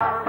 you